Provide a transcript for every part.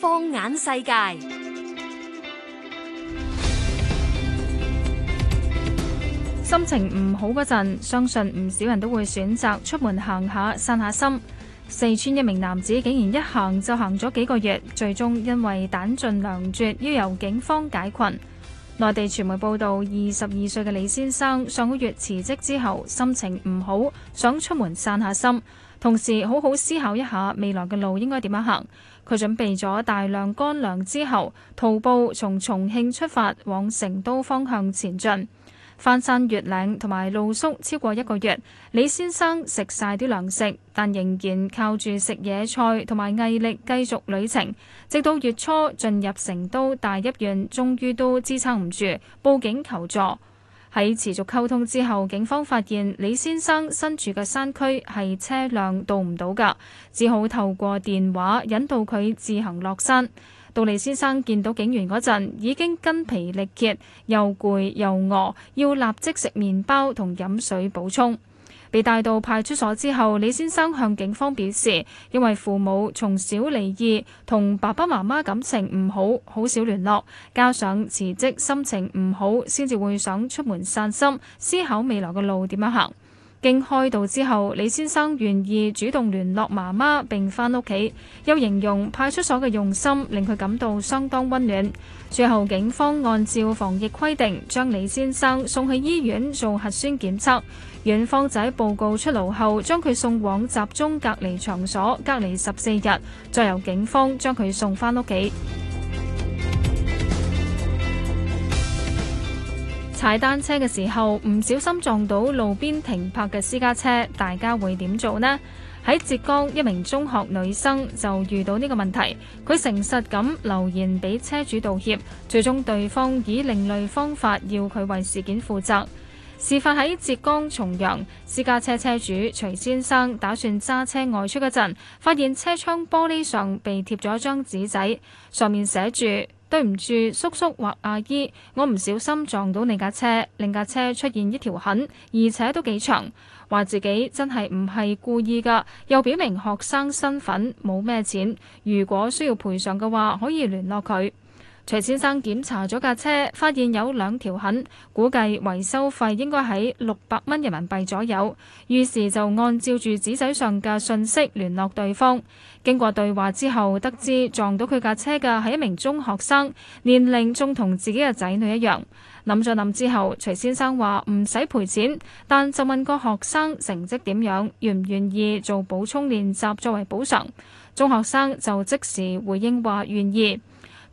放眼世界，心情唔好嗰陣，相信唔少人都會選擇出門行下散下心。四川一名男子竟然一行就行咗幾個月，最終因為彈盡糧絕，要由警方解困。內地傳媒報道，二十二歲嘅李先生上個月辭職之後，心情唔好，想出門散下心，同時好好思考一下未來嘅路應該點樣行。佢準備咗大量乾糧之後，徒步從重慶出發往成都方向前進。翻山越嶺同埋露宿超過一個月，李先生食晒啲糧食，但仍然靠住食野菜同埋毅力繼續旅程，直到月初進入成都大邑縣，終於都支撐唔住，報警求助。喺持續溝通之後，警方發現李先生身處嘅山區係車輛到唔到噶，只好透過電話引導佢自行落山。到李先生見到警員嗰陣已經筋疲力竭，又攰又餓，要立即食麵包同飲水補充。被帶到派出所之後，李先生向警方表示，因為父母從小離異，同爸爸媽媽感情唔好，好少聯絡，加上辭職心情唔好，先至會想出門散心，思考未來嘅路點樣行。經開導之後，李先生願意主動聯絡媽媽並返屋企，又形容派出所嘅用心令佢感到相當溫暖。最後，警方按照防疫規定，將李先生送去醫院做核酸檢測，院方仔報告出爐後，將佢送往集中隔離場所隔離十四日，再由警方將佢送返屋企。踩單車嘅時候唔小心撞到路邊停泊嘅私家車，大家會點做呢？喺浙江一名中學女生就遇到呢個問題，佢誠實咁留言俾車主道歉，最終對方以另類方法要佢為事件負責。事發喺浙江重陽，私家車車主徐先生打算揸車外出嗰陣，發現車窗玻璃上被貼咗張紙仔，上面寫住，對唔住，叔叔或阿姨，我唔小心撞到你架車，令架車出現一條痕，而且都幾長。話自己真係唔係故意㗎，又表明學生身份，冇咩錢。如果需要賠償嘅話，可以聯絡佢。徐先生檢查咗架車，發現有兩條痕，估計維修費應該喺六百蚊人民幣左右。於是就按照住紙仔上嘅信息聯絡對方。經過對話之後，得知撞到佢架車嘅係一名中學生，年齡仲同自己嘅仔女一樣。諗咗諗之後，徐先生話唔使賠錢，但就問個學生成績點樣，願唔願意做補充練習作為補償。中學生就即時回應話願意。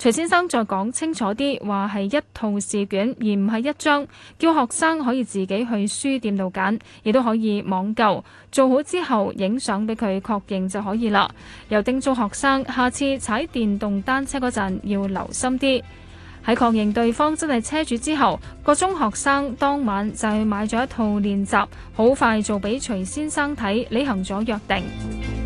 徐先生再講清楚啲，話，係一套試卷而唔係一張，叫學生可以自己去書店度揀，亦都可以網購，做好之後影相俾佢確認就可以啦。又叮囑學生下次踩電動單車嗰陣要留心啲。喺確認對方真係車主之後，個中學生當晚就去買咗一套練習，好快做俾徐先生睇，履行咗約定。